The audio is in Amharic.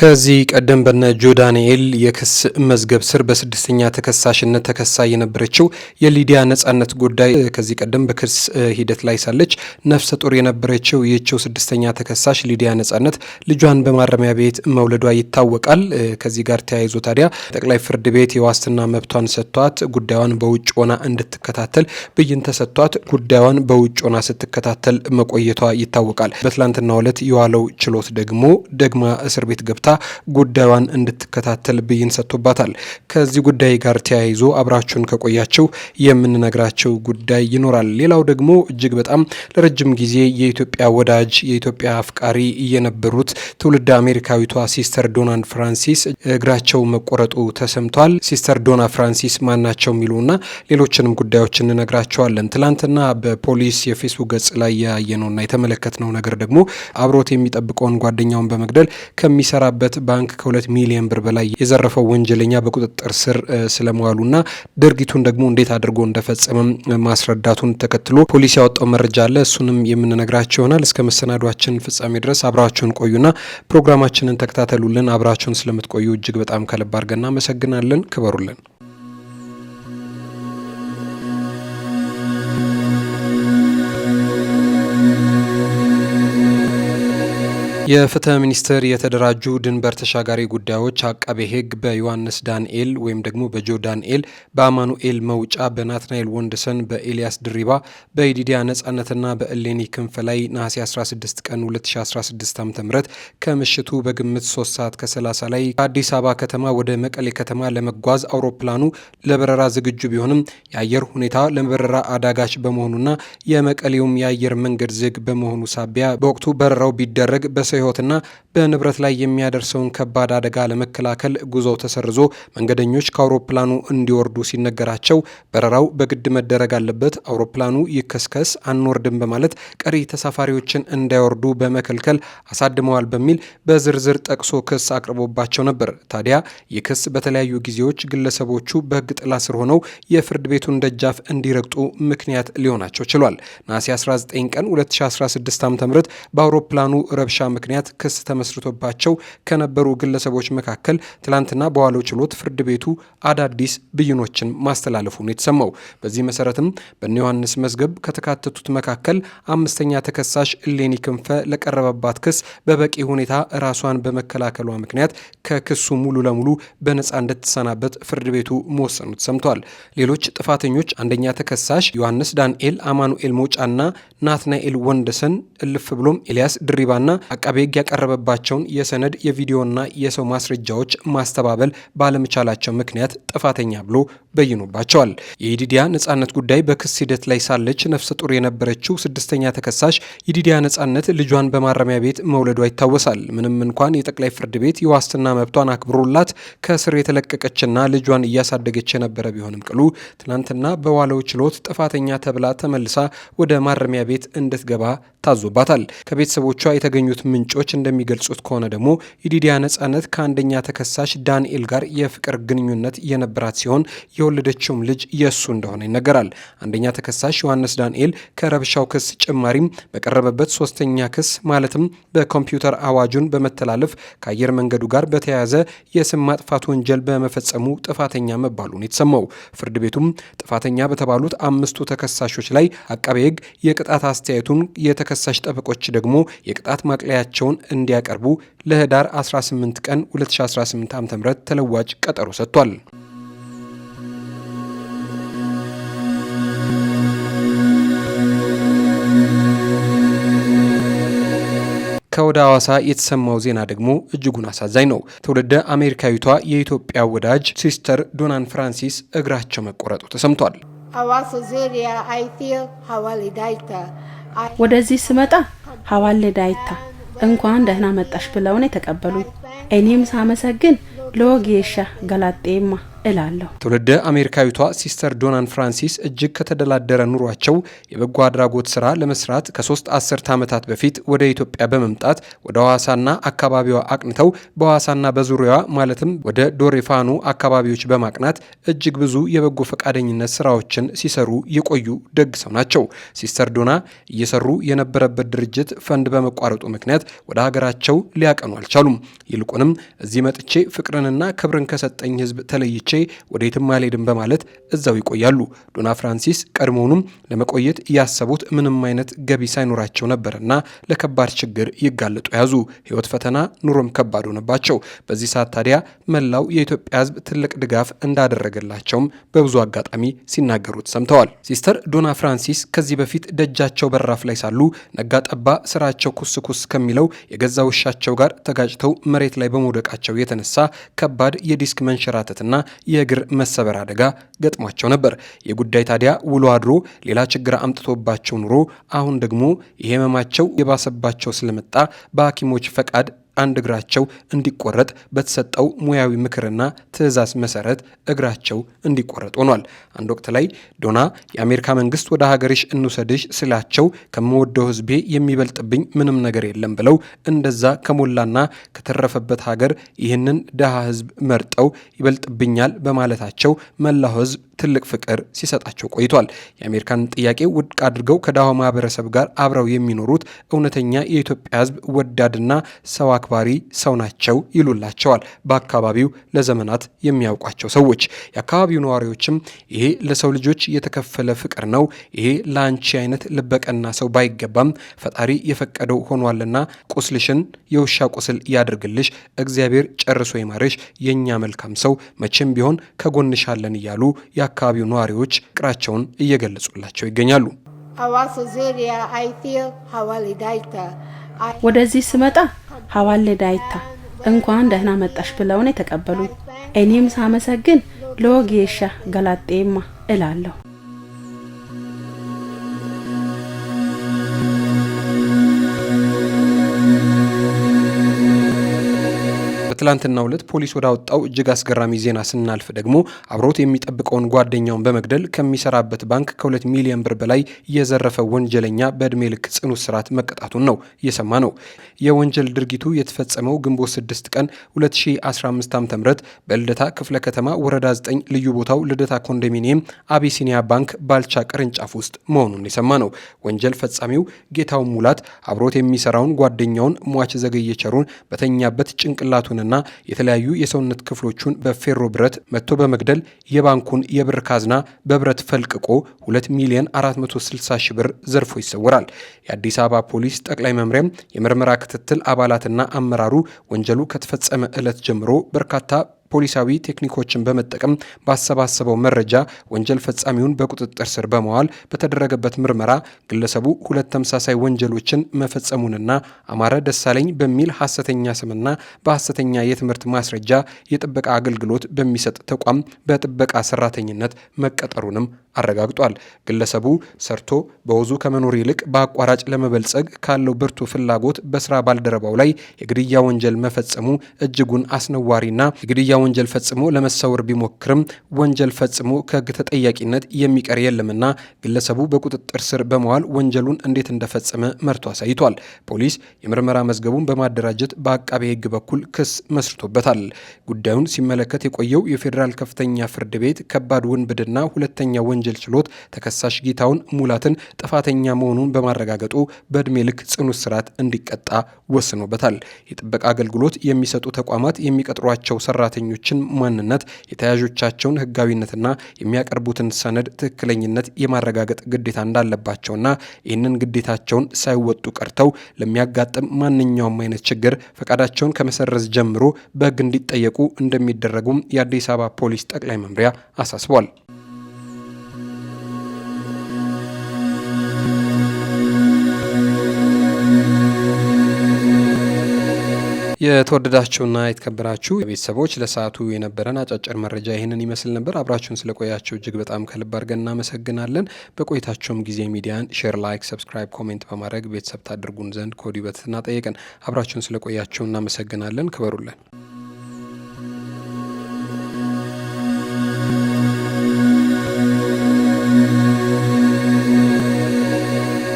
ከዚህ ቀደም በነ ጆ ዳንኤል የክስ መዝገብ ስር በስድስተኛ ተከሳሽነት ተከሳይ የነበረችው የሊዲያ ነጻነት ጉዳይ ከዚህ ቀደም በክስ ሂደት ላይ ሳለች ነፍሰ ጡር የነበረችው ይህችው ስድስተኛ ተከሳሽ ሊዲያ ነጻነት ልጇን በማረሚያ ቤት መውለዷ ይታወቃል። ከዚህ ጋር ተያይዞ ታዲያ ጠቅላይ ፍርድ ቤት የዋስትና መብቷን ሰጥቷት ጉዳዩን በውጭ ሆና እንድትከታተል ብይን ተሰጥቷት ጉዳዩን በውጭ ሆና ስትከታተል መቆየቷ ይታወቃል። በትላንትናው ዕለት የዋለው ችሎት ደግሞ ደግማ እስር ቤት ገብታ እንድትፈታ ጉዳዩን እንድትከታተል ብይን ሰጥቶባታል። ከዚህ ጉዳይ ጋር ተያይዞ አብራችሁን ከቆያቸው የምንነግራቸው ጉዳይ ይኖራል። ሌላው ደግሞ እጅግ በጣም ለረጅም ጊዜ የኢትዮጵያ ወዳጅ የኢትዮጵያ አፍቃሪ የነበሩት ትውልድ አሜሪካዊቷ ሲስተር ዶናን ፍራንሲስ እግራቸው መቆረጡ ተሰምቷል። ሲስተር ዶና ፍራንሲስ ማናቸው የሚሉና ሌሎችንም ጉዳዮች እንነግራቸዋለን። ትላንትና በፖሊስ የፌስቡክ ገጽ ላይ ያየነውና የተመለከትነው ነገር ደግሞ አብሮት የሚጠብቀውን ጓደኛውን በመግደል ከሚሰራ ከተሰራበት ባንክ ከሁለት ሚሊዮን ብር በላይ የዘረፈው ወንጀለኛ በቁጥጥር ስር ስለመዋሉና ድርጊቱን ደግሞ እንዴት አድርጎ እንደፈጸመም ማስረዳቱን ተከትሎ ፖሊስ ያወጣው መረጃ አለ። እሱንም የምንነግራቸው ይሆናል። እስከ መሰናዷችን ፍጻሜ ድረስ አብራችሁን ቆዩና ፕሮግራማችንን ተከታተሉልን። አብራችሁን ስለምትቆዩ እጅግ በጣም ከልብ አድርገን እናመሰግናለን። ክበሩልን። የፍትህ ሚኒስቴር የተደራጁ ድንበር ተሻጋሪ ጉዳዮች አቃቤ ህግ በዮሐንስ ዳንኤል ወይም ደግሞ በጆ ዳንኤል፣ በአማኑኤል መውጫ፣ በናትናኤል ወንድሰን፣ በኤልያስ ድሪባ፣ በኢዲዲያ ነጻነትና በእሌኒ ክንፍ ላይ ነሐሴ 16 ቀን 2016 ዓ.ም ከምሽቱ በግምት 3 ሰዓት ከ30 ላይ ከአዲስ አበባ ከተማ ወደ መቀሌ ከተማ ለመጓዝ አውሮፕላኑ ለበረራ ዝግጁ ቢሆንም የአየር ሁኔታ ለበረራ አዳጋች በመሆኑና የመቀሌውም የአየር መንገድ ዝግ በመሆኑ ሳቢያ በወቅቱ በረራው ቢደረግ በሰ በሰው ህይወትና በንብረት ላይ የሚያደርሰውን ከባድ አደጋ ለመከላከል ጉዞው ተሰርዞ መንገደኞች ከአውሮፕላኑ እንዲወርዱ ሲነገራቸው በረራው በግድ መደረግ አለበት፣ አውሮፕላኑ ይከስከስ አንወርድም በማለት ቀሪ ተሳፋሪዎችን እንዳይወርዱ በመከልከል አሳድመዋል በሚል በዝርዝር ጠቅሶ ክስ አቅርቦባቸው ነበር። ታዲያ ይህ ክስ በተለያዩ ጊዜዎች ግለሰቦቹ በህግ ጥላ ስር ሆነው የፍርድ ቤቱን ደጃፍ እንዲረግጡ ምክንያት ሊሆናቸው ችሏል። ነሐሴ 19 ቀን 2016 ዓ.ም በአውሮፕላኑ ረብሻ ምክንያት ክስ ተመስርቶባቸው ከነበሩ ግለሰቦች መካከል ትላንትና በዋለው ችሎት ፍርድ ቤቱ አዳዲስ ብይኖችን ማስተላለፉ ነው የተሰማው። በዚህ መሰረትም በእነ ዮሐንስ መዝገብ ከተካተቱት መካከል አምስተኛ ተከሳሽ እሌኒ ክንፈ ለቀረበባት ክስ በበቂ ሁኔታ ራሷን በመከላከሏ ምክንያት ከክሱ ሙሉ ለሙሉ በነፃ እንድትሰናበት ፍርድ ቤቱ መወሰኑ ተሰምቷል። ሌሎች ጥፋተኞች አንደኛ ተከሳሽ ዮሐንስ ዳንኤል፣ አማኑኤል ሞጫና ናትናኤል ወንደሰን እልፍ ብሎም ኤልያስ ድሪባና አቃቢ አቃቤ ሕግ ያቀረበባቸውን የሰነድ የቪዲዮና የሰው ማስረጃዎች ማስተባበል ባለመቻላቸው ምክንያት ጥፋተኛ ብሎ በይኖባቸዋል። የኢዲዲያ ነጻነት ጉዳይ በክስ ሂደት ላይ ሳለች ነፍሰ ጡር የነበረችው ስድስተኛ ተከሳሽ ኢዲዲያ ነጻነት ልጇን በማረሚያ ቤት መውለዷ ይታወሳል። ምንም እንኳን የጠቅላይ ፍርድ ቤት የዋስትና መብቷን አክብሮላት ከእስር የተለቀቀችና ልጇን እያሳደገች የነበረ ቢሆንም ቅሉ ትናንትና በዋለው ችሎት ጥፋተኛ ተብላ ተመልሳ ወደ ማረሚያ ቤት እንድትገባ ታዞባታል። ከቤተሰቦቿ የተገኙት ምንጮች እንደሚገልጹት ከሆነ ደግሞ ኢዲዲያ ነጻነት ከአንደኛ ተከሳሽ ዳንኤል ጋር የፍቅር ግንኙነት የነበራት ሲሆን የወለደችውም ልጅ የእሱ እንደሆነ ይነገራል። አንደኛ ተከሳሽ ዮሐንስ ዳንኤል ከረብሻው ክስ ጭማሪም በቀረበበት ሶስተኛ ክስ ማለትም በኮምፒውተር አዋጁን በመተላለፍ ከአየር መንገዱ ጋር በተያያዘ የስም ማጥፋት ወንጀል በመፈጸሙ ጥፋተኛ መባሉን የተሰማው ፍርድ ቤቱም ጥፋተኛ በተባሉት አምስቱ ተከሳሾች ላይ አቃቤ ሕግ የቅጣት አስተያየቱን የተከሳሽ ጠበቆች ደግሞ የቅጣት ማቅለያቸውን እንዲያቀርቡ ለህዳር 18 ቀን 2018 ም ተለዋጭ ቀጠሮ ሰጥቷል። ከወደ ሐዋሳ የተሰማው ዜና ደግሞ እጅጉን አሳዛኝ ነው። ትውልደ አሜሪካዊቷ የኢትዮጵያ ወዳጅ ሲስተር ዶናን ፍራንሲስ እግራቸው መቆረጡ ተሰምቷል። ወደዚህ ስመጣ ሀዋሌ ዳይታ እንኳን ደህና መጣሽ ብለውን የተቀበሉኝ እኔም ሳመሰግን ሎጌሻ ገላጤማ እላለሁ። ትውልደ አሜሪካዊቷ ሲስተር ዶናን ፍራንሲስ እጅግ ከተደላደረ ኑሯቸው የበጎ አድራጎት ስራ ለመስራት ከሶስት አስርት ዓመታት በፊት ወደ ኢትዮጵያ በመምጣት ወደ ሐዋሳና አካባቢዋ አቅንተው በሐዋሳና በዙሪያዋ ማለትም ወደ ዶሬፋኑ አካባቢዎች በማቅናት እጅግ ብዙ የበጎ ፈቃደኝነት ስራዎችን ሲሰሩ የቆዩ ደግ ሰው ናቸው። ሲስተር ዶና እየሰሩ የነበረበት ድርጅት ፈንድ በመቋረጡ ምክንያት ወደ ሀገራቸው ሊያቀኑ አልቻሉም። ይልቁንም እዚህ መጥቼ ፍቅርንና ክብርን ከሰጠኝ ህዝብ ተለይቼ ወዴትም አልሄድም በማለት እዛው ይቆያሉ። ዶና ፍራንሲስ ቀድሞውኑም ለመቆየት ያሰቡት ምንም አይነት ገቢ ሳይኖራቸው ነበርና ለከባድ ችግር ይጋለጡ ያዙ። ህይወት ፈተና፣ ኑሮም ከባድ ሆነባቸው። በዚህ ሰዓት ታዲያ መላው የኢትዮጵያ ህዝብ ትልቅ ድጋፍ እንዳደረገላቸውም በብዙ አጋጣሚ ሲናገሩት ሰምተዋል። ሲስተር ዶና ፍራንሲስ ከዚህ በፊት ደጃቸው በራፍ ላይ ሳሉ ነጋ ጠባ ስራቸው ኩስ ኩስ ከሚለው የገዛ ውሻቸው ጋር ተጋጭተው መሬት ላይ በመውደቃቸው የተነሳ ከባድ የዲስክ መንሸራተትና የእግር መሰበር አደጋ ገጥሟቸው ነበር። ይህ ጉዳይ ታዲያ ውሎ አድሮ ሌላ ችግር አምጥቶባቸው ኑሮ አሁን ደግሞ የህመማቸው የባሰባቸው ስለመጣ በሐኪሞች ፈቃድ አንድ እግራቸው እንዲቆረጥ በተሰጠው ሙያዊ ምክርና ትዕዛዝ መሰረት እግራቸው እንዲቆረጥ ሆኗል። አንድ ወቅት ላይ ዶና የአሜሪካ መንግስት ወደ ሀገርሽ እንውሰድሽ ስላቸው ከምወደው ህዝቤ የሚበልጥብኝ ምንም ነገር የለም ብለው እንደዛ ከሞላና ከተረፈበት ሀገር ይህንን ድሃ ህዝብ መርጠው ይበልጥብኛል በማለታቸው መላው ህዝብ ትልቅ ፍቅር ሲሰጣቸው ቆይቷል። የአሜሪካን ጥያቄ ውድቅ አድርገው ከዳዋ ማህበረሰብ ጋር አብረው የሚኖሩት እውነተኛ የኢትዮጵያ ሕዝብ ወዳድና ሰው አክባሪ ሰው ናቸው ይሉላቸዋል በአካባቢው ለዘመናት የሚያውቋቸው ሰዎች። የአካባቢው ነዋሪዎችም ይሄ ለሰው ልጆች የተከፈለ ፍቅር ነው፣ ይሄ ለአንቺ አይነት ልበቀና ሰው ባይገባም ፈጣሪ የፈቀደው ሆኗልና ቁስልሽን የውሻ ቁስል ያድርግልሽ፣ እግዚአብሔር ጨርሶ ይማርሽ፣ የእኛ መልካም ሰው መቼም ቢሆን ከጎንሻለን እያሉ የአካባቢው ነዋሪዎች ቅራቸውን እየገለጹላቸው ይገኛሉ። ወደዚህ ስመጣ ሀዋሌ ዳይታ እንኳን ደህና መጣሽ ብለውን የተቀበሉ እኔም ሳመሰግን ለወጌሻ ገላጤማ እላለሁ። በትላንትናው ዕለት ፖሊስ ወዳወጣው እጅግ አስገራሚ ዜና ስናልፍ ደግሞ አብሮት የሚጠብቀውን ጓደኛውን በመግደል ከሚሰራበት ባንክ ከሁለት ሚሊዮን ብር በላይ የዘረፈ ወንጀለኛ በእድሜ ልክ ጽኑ እስራት መቀጣቱን ነው እየሰማ ነው። የወንጀል ድርጊቱ የተፈጸመው ግንቦት 6 ቀን 2015 ዓ.ም በልደታ ክፍለ ከተማ ወረዳ 9 ልዩ ቦታው ልደታ ኮንዶሚኒየም አቢሲኒያ ባንክ ባልቻ ቅርንጫፍ ውስጥ መሆኑን የሰማ ነው። ወንጀል ፈጻሚው ጌታውን ሙላት አብሮት የሚሰራውን ጓደኛውን ሟች ዘገየቸሩን በተኛበት ጭንቅላቱን በማሰርና የተለያዩ የሰውነት ክፍሎቹን በፌሮ ብረት መጥቶ በመግደል የባንኩን የብር ካዝና በብረት ፈልቅቆ 2 ሚሊዮን 460 ሺህ ብር ዘርፎ ይሰውራል። የአዲስ አበባ ፖሊስ ጠቅላይ መምሪያም የምርመራ ክትትል አባላትና አመራሩ ወንጀሉ ከተፈጸመ ዕለት ጀምሮ በርካታ ፖሊሳዊ ቴክኒኮችን በመጠቀም ባሰባሰበው መረጃ ወንጀል ፈጻሚውን በቁጥጥር ስር በመዋል በተደረገበት ምርመራ ግለሰቡ ሁለት ተመሳሳይ ወንጀሎችን መፈጸሙንና አማረ ደሳለኝ በሚል ሐሰተኛ ስምና በሐሰተኛ የትምህርት ማስረጃ የጥበቃ አገልግሎት በሚሰጥ ተቋም በጥበቃ ሰራተኝነት መቀጠሩንም አረጋግጧል። ግለሰቡ ሰርቶ በወዙ ከመኖር ይልቅ በአቋራጭ ለመበልጸግ ካለው ብርቱ ፍላጎት በስራ ባልደረባው ላይ የግድያ ወንጀል መፈጸሙ እጅጉን አስነዋሪና የግድያ የግድያ ወንጀል ፈጽሞ ለመሰወር ቢሞክርም ወንጀል ፈጽሞ ከህግ ተጠያቂነት የሚቀር የለምና ግለሰቡ በቁጥጥር ስር በመዋል ወንጀሉን እንዴት እንደፈጸመ መርቶ አሳይቷል። ፖሊስ የምርመራ መዝገቡን በማደራጀት በአቃቤ ሕግ በኩል ክስ መስርቶበታል። ጉዳዩን ሲመለከት የቆየው የፌዴራል ከፍተኛ ፍርድ ቤት ከባድ ውንብድና ሁለተኛ ወንጀል ችሎት ተከሳሽ ጌታውን ሙላትን ጥፋተኛ መሆኑን በማረጋገጡ በእድሜ ልክ ጽኑ እስራት እንዲቀጣ ወስኖበታል። የጥበቃ አገልግሎት የሚሰጡ ተቋማት የሚቀጥሯቸው ሰራተኞች የወንጀለኞችን ማንነት፣ የተያዦቻቸውን ህጋዊነትና የሚያቀርቡትን ሰነድ ትክክለኝነት የማረጋገጥ ግዴታ እንዳለባቸውና ይህንን ግዴታቸውን ሳይወጡ ቀርተው ለሚያጋጥም ማንኛውም አይነት ችግር ፈቃዳቸውን ከመሰረዝ ጀምሮ በህግ እንዲጠየቁ እንደሚደረጉም የአዲስ አበባ ፖሊስ ጠቅላይ መምሪያ አሳስቧል። የተወደዳችሁና የተከበራችሁ ቤተሰቦች ለሰዓቱ የነበረን አጫጭር መረጃ ይህንን ይመስል ነበር። አብራችሁን ስለቆያቸው እጅግ በጣም ከልብ አድርገን እናመሰግናለን። በቆይታቸውም ጊዜ ሚዲያን ሼር፣ ላይክ፣ ሰብስክራይብ፣ ኮሜንት በማድረግ ቤተሰብ ታድርጉን ዘንድ ከወዲሁ በትህትና ጠየቅን። አብራችሁን ስለቆያቸው እናመሰግናለን። ክበሩልን።